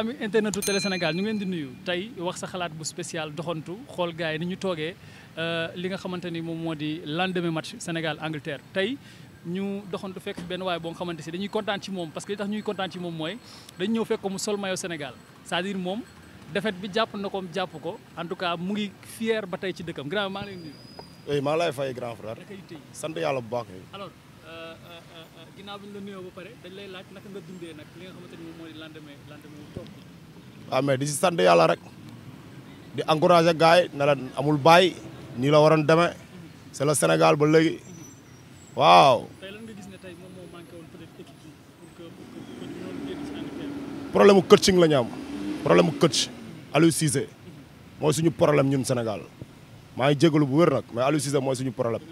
ami internetu Télé Sénégal ñu ngi leen di nuyu tey wax sa xalaat bu spécial doxantu xool gars yi ni ñu toogee euh, li nga xamante ni moom moo di lendemain match Sénégal Angleterre tey ñu doxantu fekk benn waaye boo nga xamante si dañuy kontaan ci moom parce que li tax ñuy kontaan ci moom mooy dañu ñëw fekk ko mu sol maillot Sénégal c'est-à-dire moom défaite bi jàpp na ko jàpp ko en tout cas mu ngi fier ba tey ci dëkkam grand maa ngi lay nuyu. Eh, maa lay fay grand frère. sant yàlla bu baax. alors ginnaaw di lendemain lendemain waaw ah, mais di si sant yàlla rek di encouragé gars yi la amul baay nii la waroon deme c'est le Sénégal ba léegi waaw. tey lan nga gis ne tey moom moo manqué si problème mu coaching la ñu am problème mu coach Aliou Cissé mooy problème ñun Sénégal maa ngi jégalu bu wér nag mais Aliou Cissé mooy suñu problème.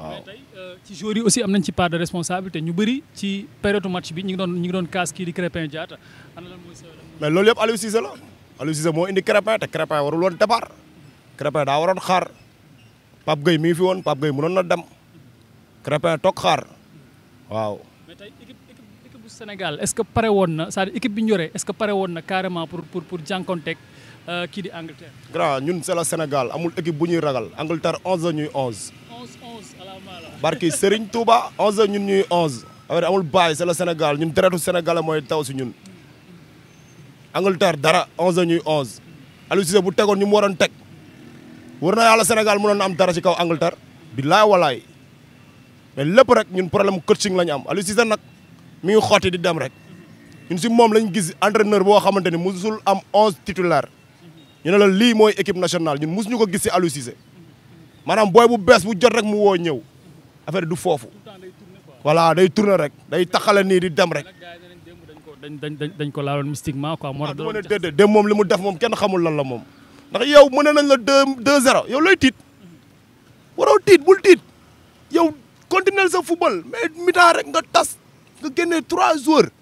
waaw mais tey euh, ci joueurs yi aussi am nañ ci par de responsabilité ñu bëri ci période match bi ñu ngi doon ñu ngi doon kaas kii di Crépin Diatta. mais loolu yëpp Aliou Cissé la moo indi Crépin te Crépin warul woon départ Crépin xaar Pape Gueye fi woon Pape Gueye mënoon na dem Crépin xaar waaw. mais tey Sénégal ce que pare woon na cest à bi ñu yore est-ce que pare woon na carrément pour pour pour jànkonteeg euh, kii di Angleterre. grand ñun c'est le amul équipe bu ñuy ragal Angleterre 11 la ñuy 11. barki Serigne Touba 11h ñun ñuy 11 affaire amul bàyyi c'est le Sénégal ñun deretu Sénégal mooy taw si ñun. Angleterre dara 11h ñuy 11 Aliou Cissé bu tegoon ñu mu waroon teg war na yàlla Sénégal mënoon na am dara si kaw Angleterre. billaay walaay mais lépp rek ñun problème coaching la ñu am Aliou Cissé nag mu ngi xotti di dem rek ñun si moom lañ gis entraîneur boo xamante ni musul am 11 titulaire ñu ne la lii mooy équipe nationale ñun ñu ko gis si Aliou Cissé maanaam booy bu bees bu jot rek mu woo ñëw affaire du foofu voilà day turne rek day taxale nii di dem rek. dañ dañ dañ ko laaloon mystiquement quoi. moo tax ah, du mën a moom li mu moom kenn xamul lan la moom. ndax yow mën nañ la deux deux zéro yow looy tiit waroo tiit bul yow continuer sa football mais mi nga tas nga génnee trois joueurs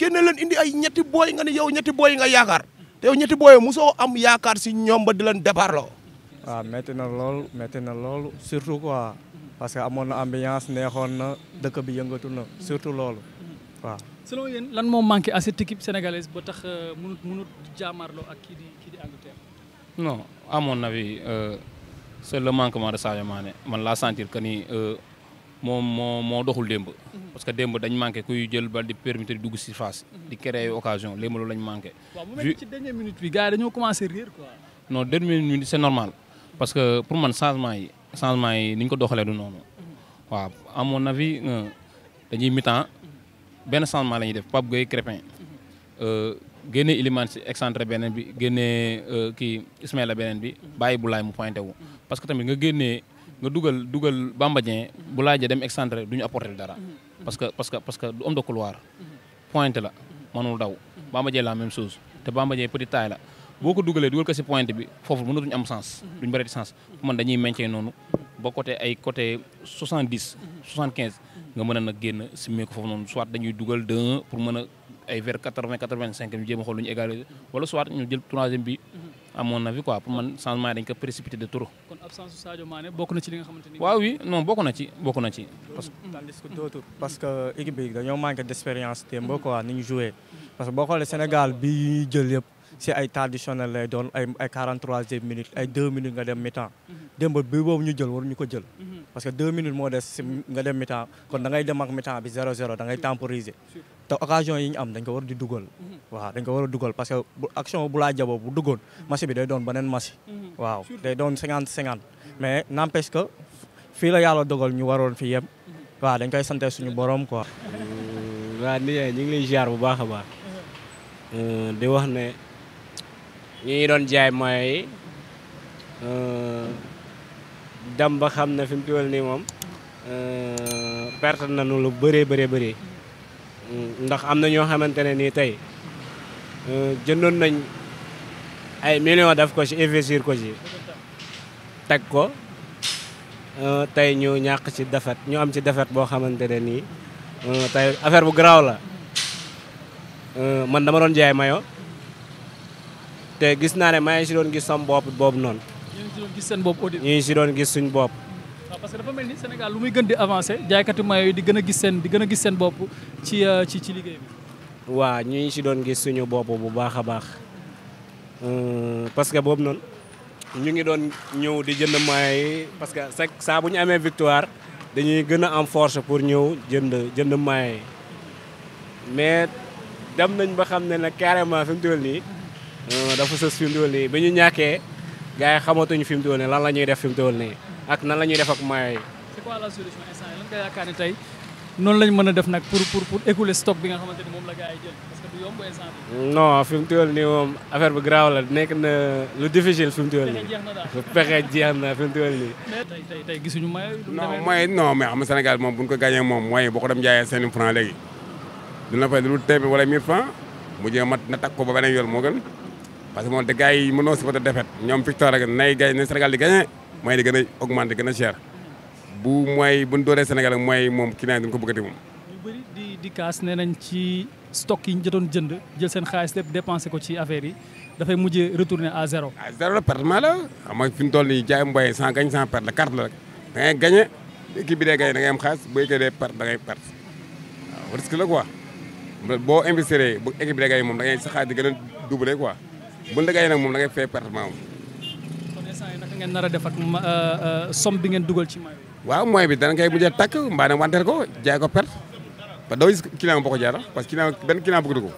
génne leen indi ay ñetti booy nga ne yow ñetti booy nga yaakaar te ñetti booy mosoo am yaakaar si ñoom ba di leen départ loo waaw ah, métti na lool métti na lool surtout quoi parce que amoon na ambiance neexoon na dëkk bi yëngatu na surtout loolu waaw. selon yéen lan moo manqué à cette équipe sénégalaise boo tax euh, mënut mënut jaamarloo ak kii di kii di Angleterre. non à mon avis euh, c'est le manquement de Sadio Mané man laa sentir que ni euh, moom moo moo doxul démb. Mhm. parce que démb dañ manqué kuy jël bal di permettre di dugg si face. Mhm. di créer occasion léeg loolu lañ manqué. waaw mu mel ci dernière minute minute c'est parce que pour man changement yi changement yi ni ñu ko doxalee du noonu waaw amoon na avis euh, dañuy mi benn changement la ñuy def Pape Gueye Crépin euh, génne Ilimane si excentré beneen bi génne euh, kii Ismaïla beneen bi bàyyi Boulaye mu pointé wu. parce que tamit nga génnee nga dugal dugal Bamba bu Boulaye ja dem excentré du ñu apporter dara parce que parce que parce que du homme de couloir pointé la mënul daw Bamba mbajee la même chose te Bamba Dieng petite taille la. boo ko dugalee dugal ko si pointe bi foofu mënatuñu am sens. duñ bëri di sens man dañuy maintien noonu ba côté ay côté 70 75 nga mën a nag génn simmi ko foofu noonu soit dañuy dugal 2 pour mën a ay vers 80 85 ñu jéem a xool lu ñu égaliser soit ñu jël troisième bi. à mon avis quoi pour man changement précipité de trop. kon bokk na ci li xamante ni. waaw oui non bokk na ci bokk na ci. parce que tandis que d'autres parce que équipe bi dañoo jël yëpp. si ay traditionnel lay doon ay ay 43e minute ay 2 minutes nga dem mi-temps démb bi ñu jël waruñu ko jël parce que 2 minutes moo des si nga dem mi kon da ngay dem ak mi-temps bi 0-0 da ngay temporiser te occasion yi ñu am dañ ko war di dugal waaw dañ ko war a dugal parce que bu action bu laa jaboo bu duggoon match bi day doon beneen match waaw day doon 50-50 mais n'empêche que fii la yàlla dogal ñu waroon fi yem waaw dañ koy sante suñu boroom koo euh, waaw ni ñu ngi lay ziar bu baax a baax euh, ñu ngi doon jaay moyens yi euh, dem ba xam na fi mu nii moom euh, perte nañu lu bëree bëree bëri ndax am na ñoo xamante ne nii tey euh, jëndoon nañ ay millions def ko ci investir ko ci teg ko tey ñu ñàkk ci defet ñu am ci defet boo xamante ne nii tey affaire bu garaaw la man dama doon jaay mayo te gis naa ne maa ngi si doon gis sama bopp boobu noonu. ñu ngi si doon gis seen bopp auditeurs ñu ngi si doon gis suñu bopp. Mm. parce que dafa mel ni Sénégal lu muy gën di avancé jaaykatu mayo yi di gën a gis seen di gën a gis seen bopp ci euh, ci ci liggéey bi. waaw ñu ngi si doon gis suñu bopp bu baax a baax euh, parce que boobu noonu ñu ngi doon ñëw di jënd mayo yi parce que chaque saa bu ñu amee victoire dañuy gën a am force pour ñëw jënd jënd mayo yi mais dem nañ ba xam ne nag carrément fi mu nii. dafa sës fi mu toll nii bi ñu ñàkkee gars yi xamatuñu fi mu toll nii la ñuy def fi mu nii ak na la ñuy def ak maillot yi. c'est quoi tey noonu lañ mën a def nag pour pour pour écouler stock bi nga xamante ni moom la gars jël parce que du fi mu toll nii moom affaire bi grave la nekk na lu difficile fi mu toll nii. pexe jeex na fi mu toll nii. tey tey tey gisuñu maillot yi. non maillot non mais moom bu ñu ko gagné moom moyen boo ko dem jaayee seen franc léegi. dina fay lu téeméer wala 1000 francs mu jéem a na takk ko ba beneen yoon moo gën parce que moom te gars yi mënoo supporter défaite ñoom victoire rek nay gars yi ne Sénégal di gagné mooy di gën a augmenté gën a cher bu mooy bu ñu dooree Sénégal mooy moom kii naa duñ ko bëggati moom. ñu bëri nee nañ ci stock yi jotoon jënd jël seen xaalis lépp dépensé ko ci affaire yi dafay mujjee retourner à zéro. à zéro la perte fi mu toll nii jaay mboye sans gagne sans perte la carte la rek da ngay gagné équipe bi da ngay am xaalis bu équipe day perte da ngay perte waaw risque la quoi boo investir bu équipe moom da ngay sa xaalis di gën a doublé quoi. bu la gañee nag moom da ngay fay parfaitement moom. kon instant yii ngeen nar a def ak uh, uh, somme bi ngeen dugal ci maillot waaw mooy bi dana ngay mujj takk mbaa dem wanteer ko jaay ko perte parce doo gis client boo ko jaay parce que client benn client bëggatu ko.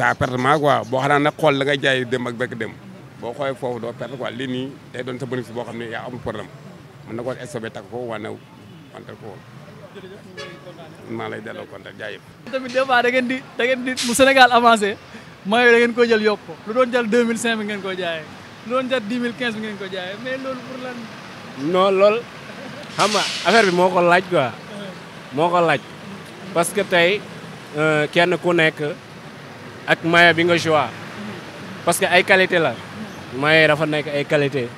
waaw pertement quoi boo xam ne nag xool la ngay jaay dem ak bekk dem boo xoolee foofu doo perte quoi lii nii day doon sa bénéfice boo xam ne yaa amul problème mën na ko stocké takk ko wala wanteer ko woon. maa lay delloo kontaan jaayëf tamit des fois da ngeen di da di bu Sénégal avancé maillot da ngeen ko jël yokk ko lu doon jar deux mille cinq bi ko jaayee lu doon jar dix mille quinze bi ko jaayee mais loolu pour lan non lool xam nga bi moo ko laaj quoi moo ko laaj parce que tey euh, kenn ku nekk ak maillot bi nga choix parce que ay qualité la maillot yi dafa nekk ay qualité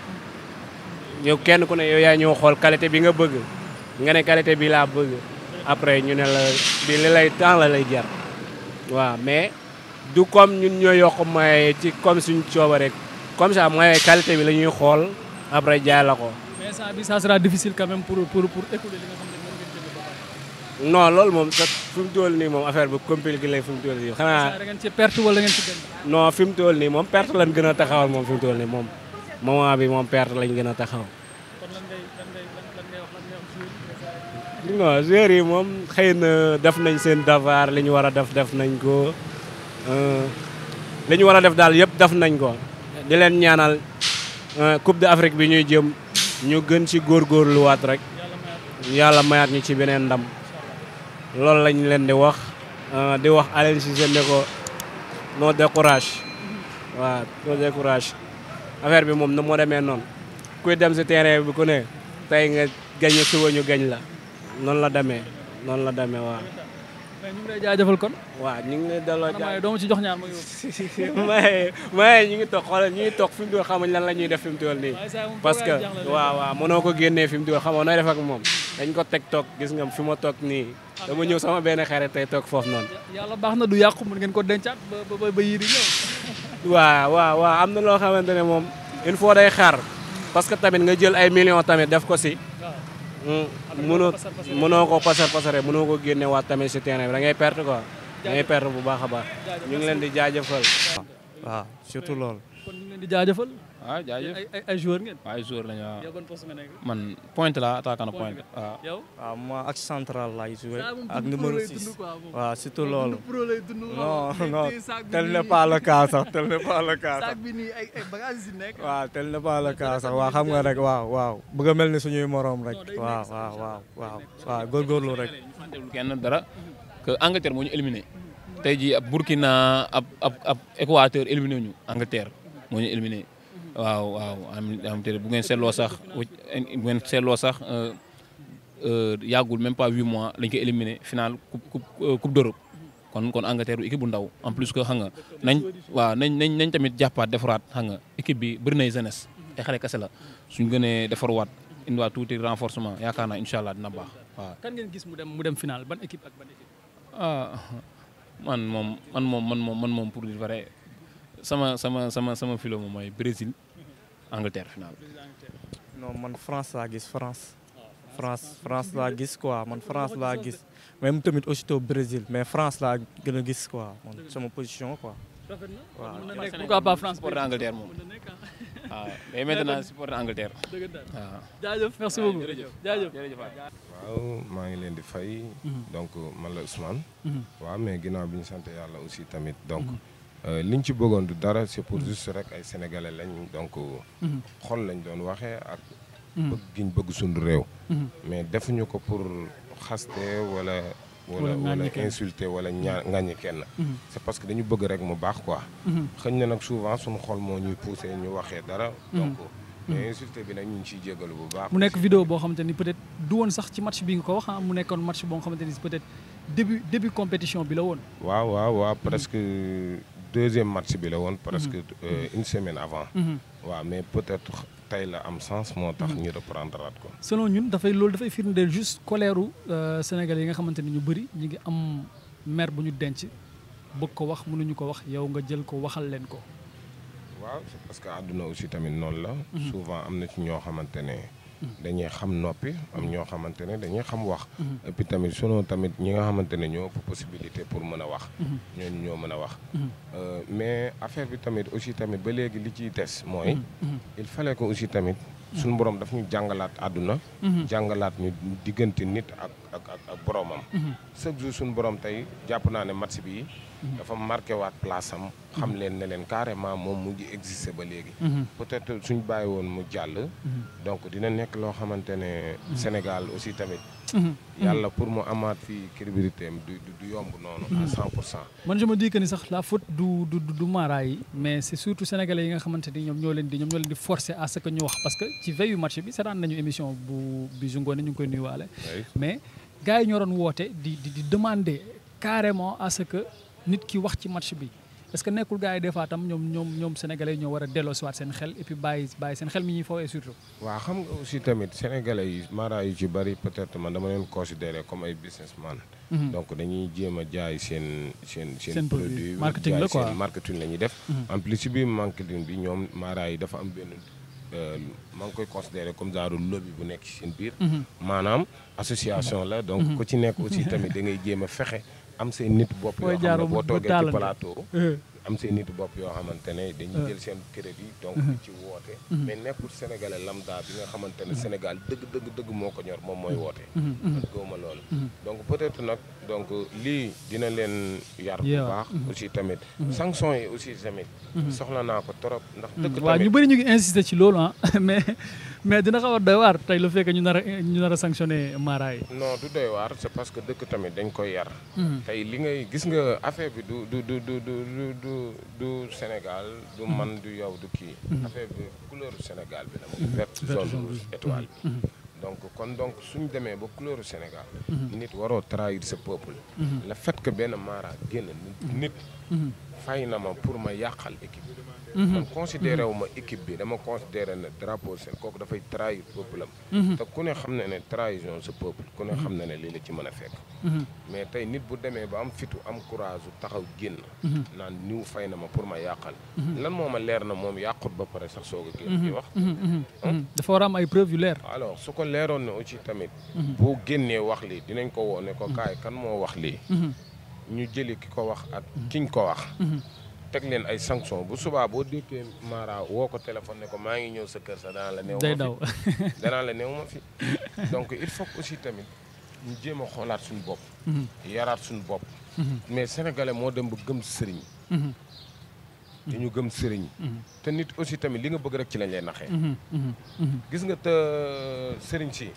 yow kenn ku ne yow yaa ñëw xool qualité bi nga bëgg nga ne qualité bii laa bëgg après ñu ne la bii la lay temps la lay jar waaw mais du comme ñun ñoo yokk maye ci comme suñu cooba rek comme ça maye qualité bi la ñuy xool après jaay la ko. mais ça bi ça sera même pour pour pour écouler li nga xam ne non loolu moom sax fi mu toll nii moom affaire bi compliqué lay fi mu toll nii xanaa. da ngeen ci gën. moom perte lañ gën a taxawal moom fi mu toll nii moom moment bi moom perte lañ gën a taxaw. waa joueurs yi moom xëy na def nañ seen devoir li ñu war a def def nañ ko euh, li ñu war a def daal yëpp def nañ ko di leen ñaanal euh, Coupe de afrique bi ñuy jëm ñu gën ci góor góorgóorluwaat rek yàlla mayaat ñu ci beneen ndam loolu lañ leen di wax euh, di wax Aliou Cissé ne ko no décourage waaw no décourage affaire bi moom na moo demee noonu kuy dem si terrain bi ku ne tey nga gañ suba ñu gañ la noonu la demee noonu la demee waaw. mais ñu ngi lay jaajëfal kon. waaw ñu ngi lay delloo jaajëf maye doo ma ci jox ñaar ma yóbbu. maye maye ñu ngi toog xoolal ñu ngi toog fi lan la ñuy def fi mu parce que waaw waaw mënoo ko génnee fi mu toll xamoo nooy def ak moom. dañ ko teg toog gis nga fi ma toog nii. Ah, dama ñëw sama benn xarit tey toog foofu noonu. yàlla baax na du yàqu mën ngeen ko dencaat ba ba ba am na loo xamante ne moom. il faut day xaar parce que tamit nga jël ay millions tamit def ko si mënoo mënoo ko pasar pasare mënoo ko génnewaat tamit si terrain bi da ngay perte quoi da ngay perte bu baax a baax ñu ngi leen di jaajëfal waaw surtout loolu kon ñu ngi waaw ah, jaajëf ay ay joueur man point la attaquant point. ak yow. waaw ah, moi axe central laay joué. ak numéro 6 waaw surtout loolu. tel n'est pas le tel n'est pas le cas xam nga rek waaw waaw bëgg a mel ni suñuy moroom rek. waaw waaw waaw waaw rek. kenn dara mm-hmm. que Angleterre moo ñu éliminé. tey jii ab Burkina ab ab éliminé ñu Angleterre moo ñu éliminé. waaw waaw am te bu ngeen seetloo sax bu ngeen seetloo sax euh, euh, yàggul même pas huit mois lañ ko éliminé final coupe euh, coupe d'Europe kon kon Angleterre équipe bu ndaw en plus que xam nga nañ waaw nañ nañ nañ tamit jàppaat defaraat xam nga équipe bi bëri nay jeunesse te xale kese la suñ gënee defarwaat indiwaat tuuti renforcement yaakaar naa incha allah dina baax waaw. gis mu dem mu dem final ban équipe ak ban ah, man moom man moom man moom man moom pour dire vrai sama sama sama sama philo moom mooy Brésil. Angleterre final. non man France laa gis France. France France laa gis quoi man France laa gis même tamit aussitôt Brésil mais France la gën a gis quoi man sama position quoi. waaw pourquoi pas France supporter Angleterre maa ngi leen di fay. Mhm. donc man la Ousmane. Mhm. waaw mais ginnaaw bi ñu sant yàlla aussi tamit donc. Mhm. Euh, liñ ci bëggoon du dara c'est pour mm. juste rek ay sénégalais lañ donc. Euh, mm-hmm. xol lañ doon waxee ak. Mm-hmm. bëgg giñ bëgg suñu réew. Mm-hmm. mais defu defuñu ko pour xaste wala. wala wala insulté wala ñaa ñi kenn. c'est parce que dañu bëgg rek mu baax quoi. xëñ na nag souvent suñu xol moo ñuy poussé ñu waxee dara. donc euh, mais insulté bi nag ñu ngi ciy jégalu bu baax. mu nekk vidéo boo xamante ni peut-être du woon sax ci match bi nga ko wax ah, mu nekkoon match boo xamante ni peut-être début début bi la woon. waaw waaw waaw deuxième match bi la woon. presque mhm. euh, une semaine avant. Mhm. waaw mais peut-être tey la am sens moo tax mhm. ñu reprendre ko. selon ñun dafay loolu dafay firndeel juste colère u euh, Sénégal yi nga xamante ni ñu bëri ñu ngi am mer bu ñu denc bëgg ko wax mënuñu ko wax yow nga jël ko waxal leen ko. waaw parce que àdduna aussi tamit noonu la. souvent am na ci ñoo xamante dañuy xam noppi am ñoo xamante ne dañuy xam wax. Mm-hmm. et tamit sunu tamit ñi nga xamante ne ñoo ëpp possibilité pour mën a wax. Mm-hmm. ñooñu ñoo mën a wax. Mm-hmm. Euh, mais affaire bi tamit aussi tamit ba léegi li ciy des mooy. il fallait ko aussi tamit. suñu borom daf ñu jàngalaat àdduna. jàngalaat ñu diggante nit ak ak ak boromam. chaque suñu borom tey jàpp naa ne match bii Mm-hmm. dafa marqué waat place am. Mm-hmm. xam leen ne leen carrément moom mu ngi existé ba léegi. Mm-hmm. peut-être suñ bàyyi woon mu jàll. donc dina nekk loo xamante ne. Sénégal aussi tamit. yàlla pour mu amaat fii crédibilité am du du yomb noonu. à 100 pour man je me dis que ni sax la faute du du du yi mais c'est surtout sénégalais yi nga xamante ni ñoom ñoo leen di ñoom ñoo leen di forcer à ce que ñu wax parce que ci veillu match bi seetaan nañu émission bu bi Ngoné ñu ngi koy nuyuwaale. mais gars yi ñoo doon woote di di di demander carrément à que. nit ki wax ci match bi est-ce que nekkul gars yi defaa fois tam ñoom ñoom ñoom sénégalais ñoo war a delloo siwaat seen xel et puis bàyyi seen xel mi ñuy fawee surtout. waa xam nga aussi tamit sénégalais mara yu ci bëri peut-être man dama leen considéré comme ay businessman. Mhm. donc dañuy jéem a jaay seen seen. seen produit marketing la quoi seen la ñuy def. Mhm. en plus ci biir marketing bi ñoom mara yi dafa am benn. Euh, maa ngi koy considéré comme genre lobby bu nekk ci seen biir. Mhm. maanaam association la donc ku ci nekk aussi tamit da ngay jéem a fexe. am seen nit bopp yoo xam ne boo toogee ci eh. am seen nit bopp yoo xamante ne dañuy jël seen crédit donc di eh. ci woote eh. mais nekkul sénégalais lambda bi nga xamante ne Sénégal dëgg dëgg dëgg moo ko ñor moom mooy woote man gëwma loolu donc peut-être nag donc lii dina leen yar bu baax mm-hmm. aussi tamit mm-hmm. sanction yi aussi tamit mm-hmm. soxla naa ko trop ndax dëgg tamit waaw ñu bëri ñu ngi insister ci loolu ah mais mais dina xaw a doy waar tey lu fekkee ñu nar a ñu nar a sanctionné Mara yi. non du doy waar c'est parce que dëkk tamit dañ ko yar. Mhm. tey li ngay gis nga affaire bi du du du du du Sénégal du mhm. man du yow du kii. Mhm. affaire bi couleur Sénégal bi la kon donc suñu demee ba couleur Sénégal. nit waroo trahir sa peuple. le fait que benn Mara génn nit. fay na ma pour ma yàqal équipe. man mhm. considéré wu ma équipe bi dama considéré ne drapeau seen kooku dafay trahir peuple am mhm. te ku ne xam ne ne trahison sa peuple ku ne mhm. xam ne ne lii la ci mën a fekk mais tey nit bu demee ba am fitu am courage taxaw génn naan niw fay na ma pour ma yàqal lan moo ma leer na moom yàqut ba pare sax soo a génn di wax dafa war am ay preuve yu leer alors su ko leeroon ne aussi tamit boo génnee wax lii dinañ ko woo ne ko kaay kan moo wax lii ñu jëli ki ko wax ak kiñ ko wax teg leen ay sanction bu subaa boo déggee Mara woo ko téléphone ne ko maa ngi ñëw sa kër sa danaa la néew day daw danaa la néew ma fi donc il faut aussi tamit ñu a xoolaat suñu bopp mhm. yaraat suñu bopp mhm. mais sénégalais moo dem ba gëm sëriñ mhm. ñu gëm sëriñ te nit aussi tamit li nga bëgg rek ci lañ lay naxee gis nga te euh, sëriñ si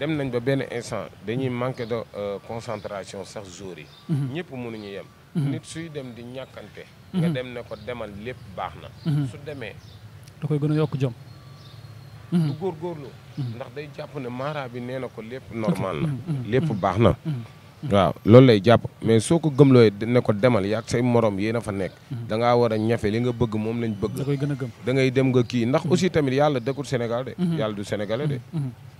dem nañ ba benn instant dañuy manqué de euh, concentration sax jour yi ñëpp mënuñu yem nit suy dem di ñàkkante nga mhm. dem ne ko demal lépp baax na mhm. su demee da koy gën a yokk jom góor mhm. góorgóorlu ndax day jàpp ne mara bi nee na ko lépp normal na lépp baax na waaw loolu lay jàpp mais soo ko gëmlooy ne ko demal yaag say morom yéen a fa nekk hmm. da ngaa war a ñafe li nga bëgg moom lañ bëgg da koy gën a gëm da ngay dem nga kii ndax hmm. aussi tamit yàlla dëkkul Sénégal de hmm. yàlla du sénégalais de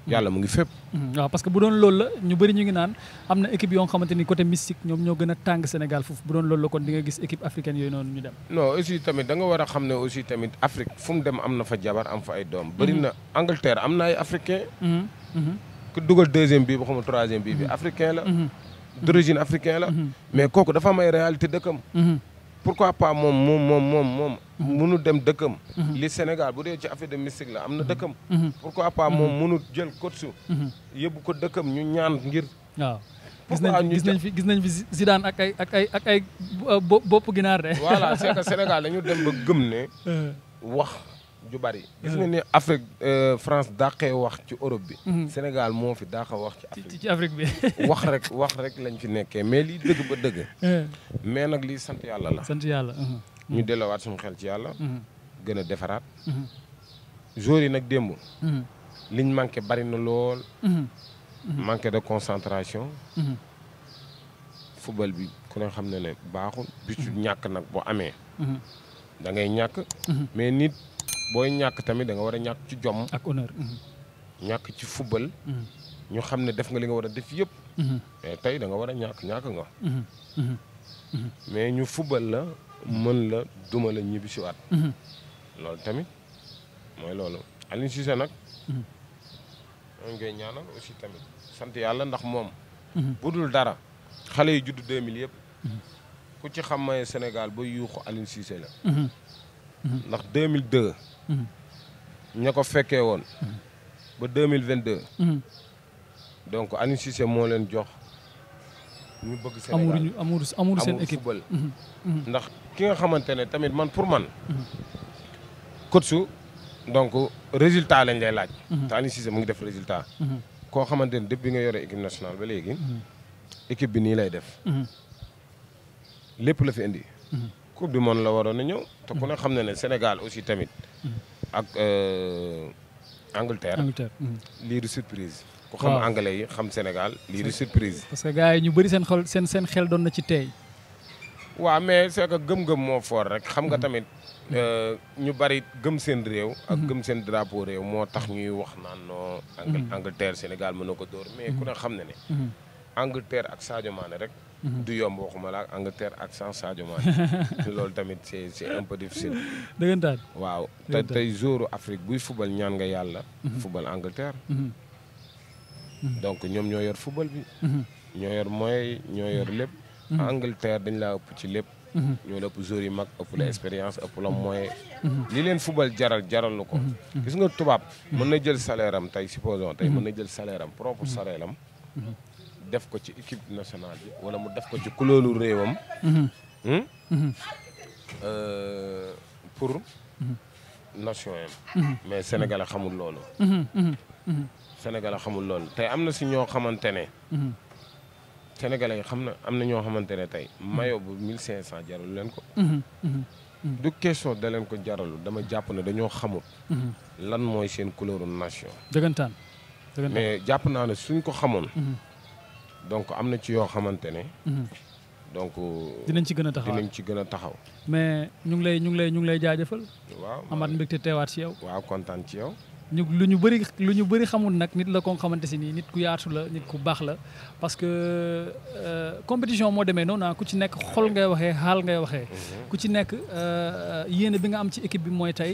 yàlla mu ngi fépp waaw parce que bu doon lool la ñu bëri ñu ngi naan am na équipe yoo xamante ni côté mystique ñoom ñoo gën a tàng Sénégal foofu bu doon loolu la kon di nga gis équipe africaine yooyu noonu ñu dem non aussi tamit a xam ne aussi tamit Afrique fu mu dem am na fa jabar am fa ay doom bëri na Angleterre am na ay africain ku dugal deuxième bii ba xam troisième bii bi mhm. africain la mhm. d'origine africain la mhm. mais kooku dafa am ay réalité dëkkam pourquoi pas moom moom moom moom moom munu dem dëkkam li Sénégal bu dee ci affaire de mystique la am na dëkkam pourquoi pas moom munu jël coach yóbbu ko dëkkam ñu ñaan ngir waaw gis nañ fi gis nañ fi Zidane ak ay ak ay ak ay bopp ginaar de voilà c'est Sénégal dañu dem ba gëm euh. wax ju bari mm-hmm. gis nga ni Afrique euh, France dàqee wax ci Europe bi mm-hmm. Sénégal moo fi dàqa wax ci Afrique bi wax rek wax rek lañ fi nekkee mais lii dëgg ba dëgg eh. mais nag lii sant yàlla la sant yàlla uh-huh. ñu dellowaat suñu xel ci yàlla mm-hmm. gën a defaraat joueurs yi nag démb liñ manqué bari na lool manque de concentration football bi ku ne xam ne ne baaxul bi su ñàkk nag boo amee da ñàkk mais nit booy ñàkk tamit da nga war a ñàkk ci jom. ak mhm. ñàkk ci fubal. Mhm. ñu xam ne def nga li nga war a def yëpp. Mhm. mais tey da nga war a ñàkk ñàkk nga. mais ñu fubal la mën la duma la ñibbi si waat. loolu tamit mooy loolu Aliou Cissé nag. ñoo ngay ñaanal aussi tamit sant yàlla ndax moom. bu dul dara xale yi juddu 2000 yëpp. ku ci xam may Sénégal ba yuuxu Aliou Cissé la. ndax ña ko fekkee woon. ba deux mille vingt deux. Mhm. donc Aliou moo leen jox. ñu bëgg Sénégal amuñu amuñu amuñu seen équipe mhm. Mhm. ndax ki nga xamante ne tamit man pour man. coach su donc résultat lañ lay laaj. te Aliou mu ngi def résultat. koo xamante ne yi nga yore équipe nationale ba léegi. équipe bi nii lay def. lépp la fi indi. coupe bi monde la waroon a ñëw. te ku ne xam ne ne Sénégal aussi tamit. ak euh, Angleterre. Angleterre. Mhm. lii du surprise. ku xam anglais yi xam Sénégal lii du surprise. parce que gars yi ñu bëri seen seen seen xel doon na ci tey. waa mais c'est que gëm-gëm moo foor rek xam nga mhm. tamit mhm. Euh, ñu bari gëm seen réew. ak gëm seen drapeau réew moo tax ñuy wax naan non. Angleterre Sénégal mën na ko dóor mais ku ne xam na ne. Angleterre ak Sadio Mané rek. Mhm. du yomb waxuma la ak Angleterre ak sans Sadio Mané loolu tamit c'est c'est un peu difficile. dëggantaan waaw te tey joueur Afrique buy football ñaan nga yàlla. Mhm. football Angleterre. Mhm. donc ñoom ñoo yor football bi. ñoo yor moyens ñoo yor lépp. Ah, Angleterre dañ laa ëpp ci lépp. ñoo la ëpp joueurs yi mag ëpp la expérience ëpp la moyen. li leen football jaral jaralu ko. gis nga tubaab mën na jël salaire tey supposons tey mën na jël salaire am propre salaire am. def ko ci équipe nationale bi wala mu def ko ci kulóolu réewam. Mhm. Hmm? Mhm. Euh, pour mhm. nation yam mais Sénégal xamul loolu. Sénégal xamul loolu tey am na si ñoo xamante ne. Sénégalais yi xam na am na ñoo xamante ne tey mayo bu 1500 jarul leen ko. du question da leen ko jaralu dama jàpp ne dañoo xamul. lan mooy seen couleur nation. dëggantaan mais jàpp naa ne suñ ko xamoon. donc am na ci yoo xamante ne. Mhm. donc euh, dinañ ci gën a taxaw dinañ ci gën a taxaw. mais ñu ngi lay ñu ngi lay ñu ngi lay jaajëfal. waaw amaat mbégte teewaat ci yow. waaw kontaan ci yow. ñu lu ñu bëri lu ñu bëri xamul nag nit la ko xamante si nii nit ku yaatu la nit ku baax la parce que euh, compétition moo demee noonu ah, ku ci nekk xol ngay waxee xaal ngay waxee. Mhm. ku ci nekk euh, yéene bi nga am ci équipe bi mooy tey.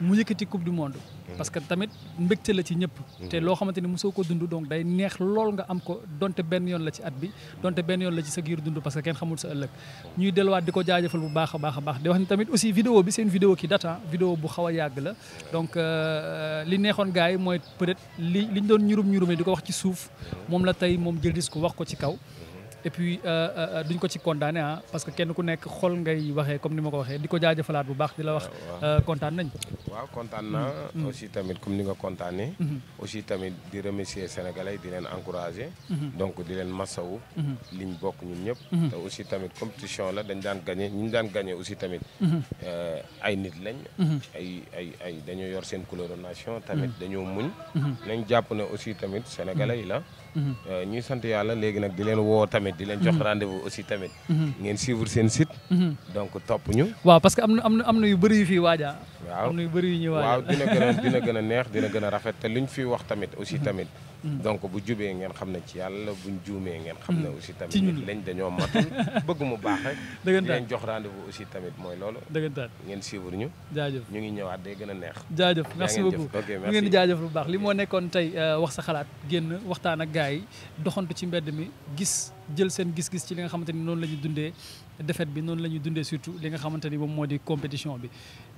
mu yëkkati coupe du monde. parce que tamit mbégte la ci ñëpp. te loo xamante ni mosoo ko dund donc day neex lool nga am ko donte benn yoon la ci at bi donte benn yoon la ci sa giir dund parce que kenn xamul sa ëllëg. ñuy delluwaat di ko jaajëfal bu baaxa a baax a baax di wax ni tamit aussi vidéo bi seen vidéo ki data vidéo bu xaw a yàgg la donc euh, li neexoon gars yi mooy peut-être li ñu doon ñurum ñurumee di ko wax ci suuf moom la tey moom jël dis ko wax ko ci kaw. et puis euh, euh, euh, duñ ko ci condamné ah parce que kenn ku nekk xol ngay waxee comme ni ma ko waxee di ko jaajëfalaat bu baax di la wax. Ah, kontaan nañ. waaw kontaan naa. Mm-hmm. Mm-hmm. aussi tamit comme ni nga kontaanee. Mm-hmm. aussi tamit di remercier sénégalais di leen encourager. donc di leen masawu. liñ bokk ñun ñëpp. aussi tamit compétition la dañ daan gagné ñu daan gagné aussi tamit. ay nit lañ. ay ay ay dañoo yor seen couleur nation tamit dañoo muñ. nañ jàpp ne aussi tamit sénégalais yi la. ñuy sant yàlla léegi nag di leen woo tamit. di leen jox mhm. rendez-vous aussi tamit. Mhm. ngeen suivre seen site. Mhm. donc topp ñu. waaw parce que am na am na am na yu bëri yu fi waaja waaw ñuy waaja dina gën a dina gën a neex dina gën a rafet te luñ fi wax tamit aussi tamit. donc bu jubee ngeen xam ne ci yàlla bu buñ juumee ngeen xam ne aussi tamit ñu lañ dañoo matul bëgg mu baax rek dëggantaan leen jox rendez-vous aussi tamit mooy loolu dëggantaan ngeen suivre ñu jaajëf ñu ngi ñëwaat day gën a neex jaajëf merci beaucoup ñu ngeen di jaajëf lu baax li moo nekkoon tey euh, wax sa xalaat génn waxtaan ak gars yi doxantu ci mbedd mi gis jël seen gis-gis ci li nga xamante ni noonu la ñuy dundee défaite bi noonu la ñuy dundee surtout li nga xamante ni moom moo di compétition bi.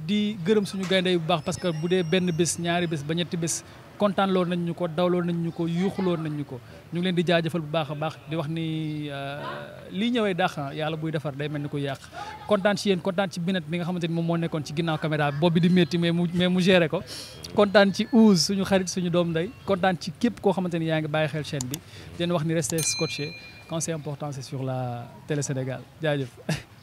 di gërëm suñu gaynde yu baax parce que bu dee benn bés ñaari bés ba ñetti bés kontaan nañ ñu ko dawloo nañ ñu ko yuuxuloo nañ ñu ko ñu ngi leen di jaajëfal bu baax a baax di wax ni euh, lii ñëwee dàq yàlla buy defar day mel ni yàq kontaan ci yéen kontaan ci binet bi nga xamante ni moom moo nekkoon ci ginnaaw caméra bi boobu di métti mais mu mais mu géré ko kontaan ci ouz suñu xarit suñu doom ndey kontaan ci képp koo xamante ni yaa ngi bàyyi xel chaîne bi den wax ni resté scotché quand c'est important c'est sur la Télé Sénégal jaajëf